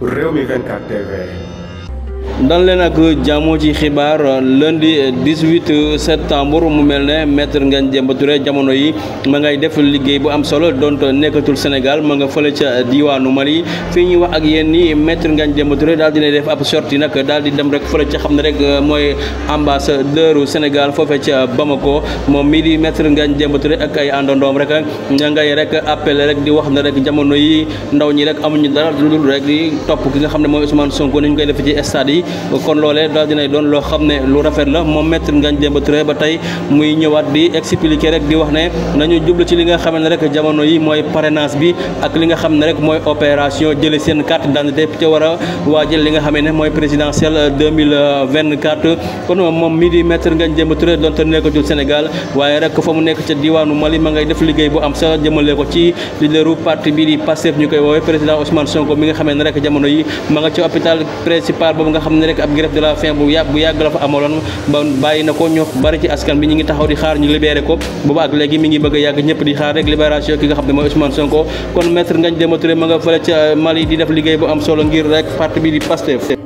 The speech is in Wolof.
Rewmi 24 TV dal leen ak jàmmoo ci xibaar lundi 18 septembre mu mel ne maître Ngagne Demba Touré jamono yi ma ngay def liggéey bu am solo donte nekkatul Sénégal ma nga fële ca diwaanu Mali fii ñuy wax ak yéen ni maître Ngagne Demba Touré daal dina def ab sortie nag daal di dem rek fële ca xam ne rek mooy ambassadeur Sénégal foofee ca Bamako moom mii di maître Ngagne Demba Touré ak ay àndandoom rek ña ngay rek appel rek di wax na rek jamono yi ndaw ñi rek amuñu dara lu lu rek di topp ki nga xam ne mooy Ousmane Sonko ni ñu koy def ci yi yi kon loolee daal dinay doon loo xam ne lu rafet la moom maître Ngagne Demba Touré ba tey muy ñëwaat di expliquer rek di wax ne nañu jublu ci li nga xam ne rek jamono yi mooy parrainage bi li nga xam ne rek mooy opération jële seen carte d'identité ca war a waajal li nga xam ne mooy présidentielle 2024 kon moom mii di maître Ngagne Demba Touré donte nekkatul Sénégal waaye rek fa mu nekk ca diwaanu Mali ma ngay def liggéey bu am sa jëmale ko ci leaderu parti bi di Pastef ñu koy woowee président Ousmane Sonko mi nga xam ne rek jamono yi nga xam ne rek ab grève de la faim bu yàgg la fa amaloon ba bàyyi na ko ñu bari ci askan bi ñu ngi taxaw di xaar ñu libéré ko booba ak léegi mi ngi bëgg a yàgg ñëpp di xaar rek libération ki nga xam ne mooy Ousmane Sonko kon maître Ngagne Demba ma nga fële ca Mali di def liggéey bu am solo ngir rek parti bi di Pastef